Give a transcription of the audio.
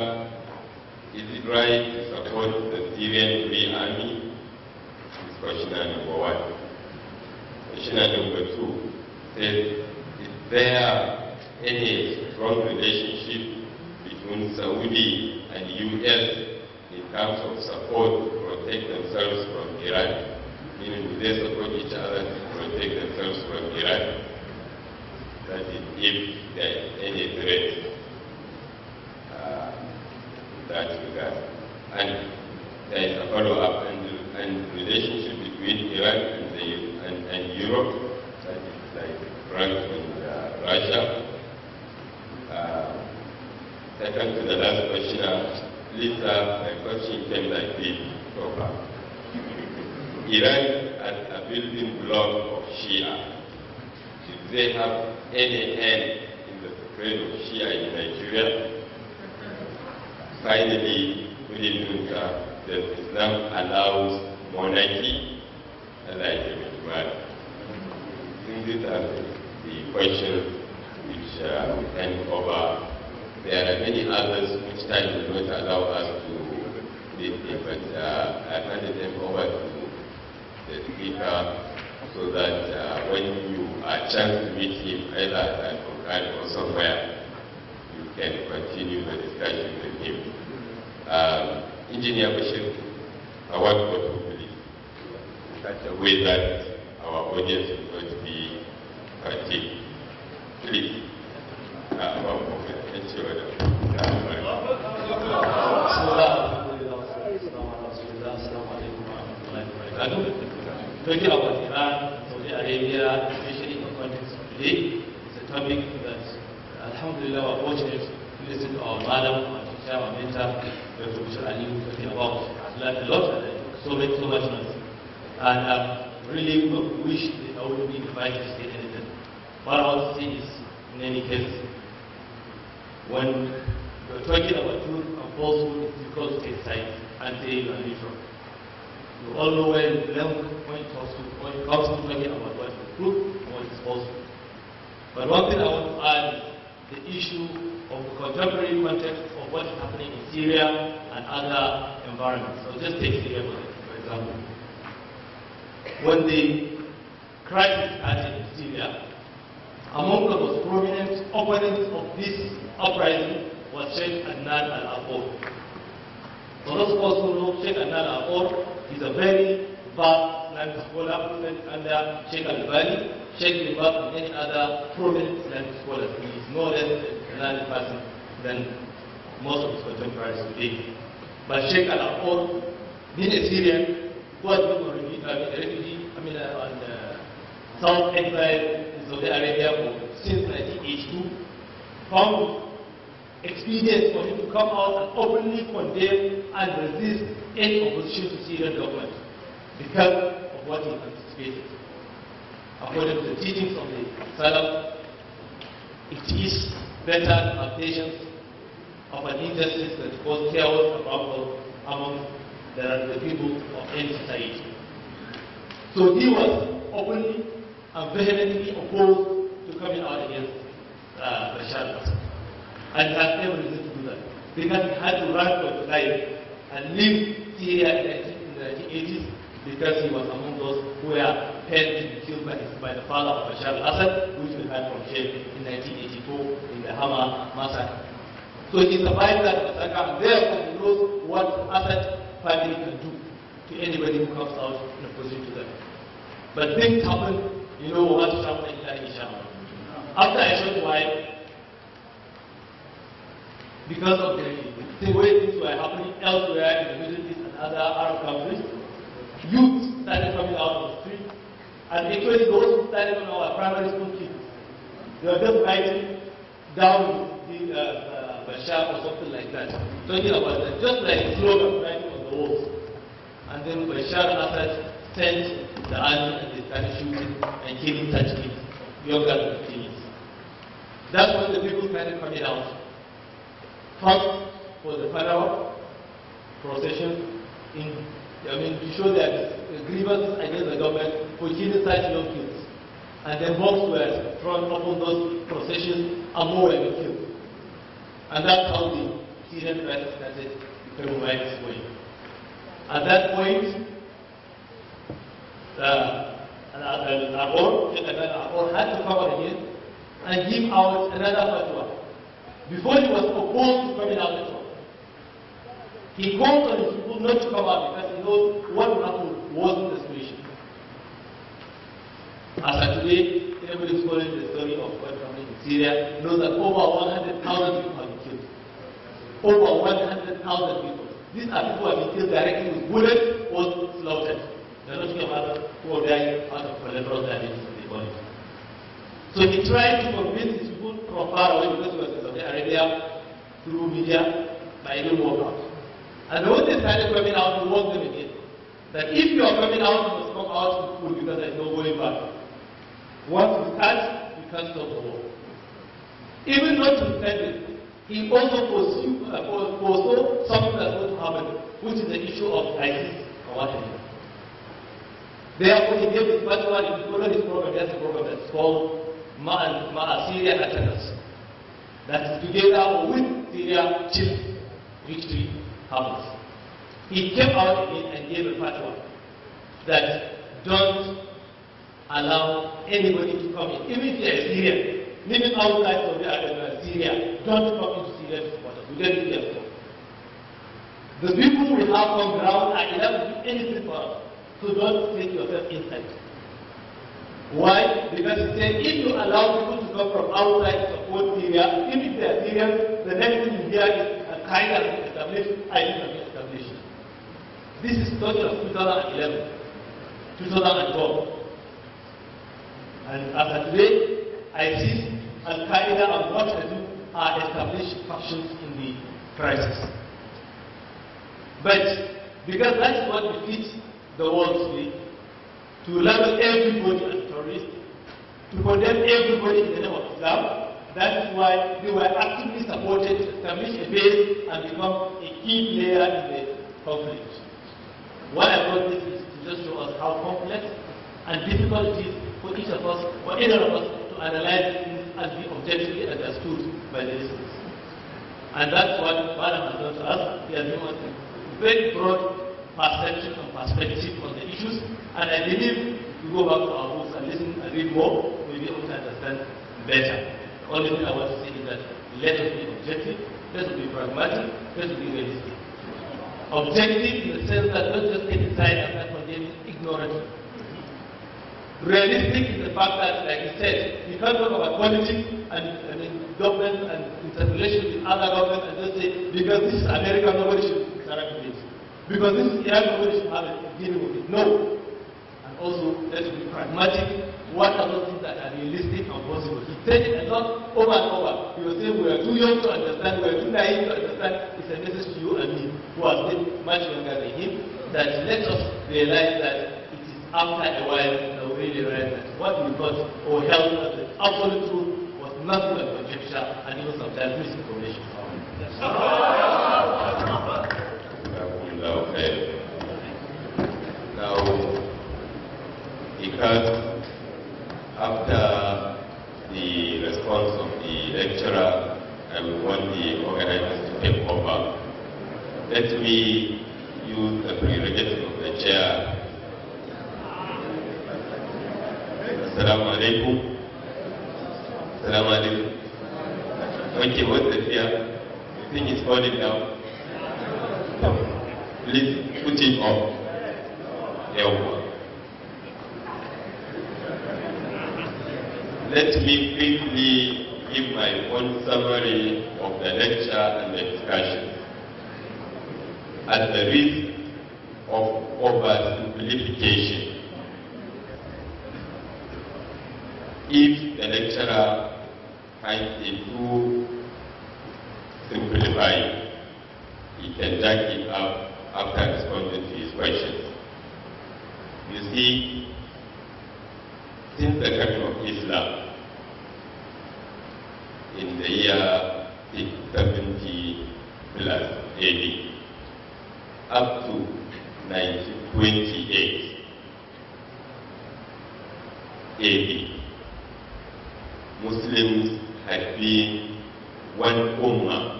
Is it right to support the Syrian Free Army? This question number one. Question number two says, is there any strong relationship between Saudi and U.S. in terms of support to protect themselves from Iran? Meaning, do they support each other to protect themselves from Iran? That is, if there is any threat that regard. And there is a follow-up and, and relationship between Iran and, the, and, and Europe, like France and uh, Russia. Uh, second to the last questioner, uh, Lisa, uh, my question came like this so far. Uh, Iran as a building block of Shia, should they have any hand in the spread of Shia in Nigeria? finally we didn't that Islam allows monarchy like individuality. Since these are the questions which uh, we can there are many others which time will not allow us to did it, but uh, I handed them over to the speaker so that uh, when you are chance to meet him either at Bukhari or somewhere, you can continue the discussion with him. Um, Engineer Bashir, I want to hopefully in such a way that our audience will not be fatigued. Please, Talking about Iran, Saudi Arabia, especially in the context today, is a topic that alhamdulillah our fortunate listened to our madam, our teacher, our mentor, Professor Ali about. I learned a lot and I took so much, so much notes. And I um, really wish that I would be invited to say anything. What I want to say is, in any case, when we're talking about truth and falsehood, it's because and they are neutral. You all know where the level point comes to, when it comes to talking about what is true and what is falsehood. But one thing I want to add the issue of the contemporary context of what's happening in Syria and other environments. So just take Syria for example. When the crisis started in Syria, among the most prominent opponents of this uprising was Sheikh Adnan al-Affur. Orozco's group, Sheikh Anal Akor, is a very vast land scholar under Sheikh Al-Bani, Sheikh Ibab, and other prominent land scholars. He is no less another person than most of his contemporaries today. But Sheikh Al-Akor, being a Syrian, was a refugee, I mean, on the uh, uh, South Exile in Saudi Arabia since 1982, found expedient for him to come out and openly condemn and resist any opposition to Syrian government because of what he anticipated. According to the teachings of the Salaf, it is better to patience of an injustice that causes chaos and trouble among the people of any society. So he was openly and vehemently opposed to coming out against uh, Bashar Assad and have never resisted to that. Because he had to run for his life and leave here in the 1980s because he was among those who were held and killed by, by, the father of Bashar al-Assad, which we had from jail in 1984 in the Hama massacre. So he survived that massacre and therefore he knows what Assad family can do to anybody who comes out in opposition to them. But things happen, you know what happened in Islam. After I shot why because of the, same way things uh, were happening elsewhere in the Middle East and other Arab countries. Youth started coming out on the street, and actually those started on our primary school kids. They were just writing down the uh, uh, Bashar or something like that, talking about that, just like slogan writing on the walls. And then Bashar Assad sent the army and they started shooting and killing such kids, younger than teens. That's when the people started coming out. First was the final procession in, I mean, to show that grievances against the government for killing such young kids. And then mobs were thrown upon those processions and more were killed. And that's how the Syrian crisis started becoming widespread. At that point, uh, al had to come again and give out another fatwa before he was proposed to coming out at He called on his people not to come out because he knows what would happen wasn't the solution. As of today, who's following the story of what's happening in Syria, knows that over 100,000 people have been killed. Over 100,000 people. These are people who have been killed directly with bullets or slaughtered. They're not talking about who are dying out of collateral damage to the body. So he tried to convince his from are far away because they were in Saudi Arabia through media by even workouts. And when they started coming out, we warned them again that if you are coming out, you must come out with food because there's no going back. Once you start, you can't stop the war. Even not to it, he also foresaw uh, for, something that's going to happen, which is the issue of ISIS or what Therefore, he gave his fatwa, he followed his program, that's the program that's called my Syrian attendants. That together with Syria chief victory happens. He came out in and gave a fatwa that don't allow anybody to come in, even if they are Syrian, living outside of the Arabia, Syria, don't come into Syria to support us. We don't The people we have on ground are able to do anything for us. So don't take yourself inside. Why? Because he said, if you allow people to come from outside the support area, if it's their area, the next thing you hear is a kind of established, I need This is study of 2011, 2012. And as of today, ISIS, Al Qaeda, and what they do are established factions in the crisis. But because that's what teach the world today, to level everybody terrorists, to condemn everybody in the name of Islam. That is why they were actively supported to establish a base and become a key player in the conflict. Why I brought this is to just show us how complex and difficult it is for each of us, for either of us, to analyze things as we objectively understood by the listeners. And that's what Madam has done to us. He has given us a very broad perception and perspective on the issues, and I believe you go back to our books and listen and read more, we'll be able to understand better. The only thing I want to say is that let us be objective, let us be pragmatic, let us be realistic. Objective in the sense that not just get inside and that condemn ignorance. Realistic is the fact that, like you said, because can't talk about politics and, and government and interrelation with other governments and just say, because this is American, nobody should interact with it. Because this is Iran, nobody should have a dealing with it. No also let's be pragmatic. What are those things that are realistic and possible? He said it a lot over and over. He was saying we are too young to understand, we are too naive to understand. It's a message to you and me, who are much younger than him, that let us realize that it is after a while that we really realize that what we got or held as the absolute truth was nothing but conjecture and even sometimes misinformation. That's Let me use the prerogative of the chair. Assalamu alaikum. Assalamu alaikum. Okay, what's the fear? You think it's falling down? Please put him up. Let me quickly give my own summary of the lecture and the discussion at the risk of oversimplification. If the lecturer finds it too simplified, he can jack it up after responding to his questions. You see, since the coming of Islam in the year 70 plus AD, up to 1928 AD. Muslims had been one ummah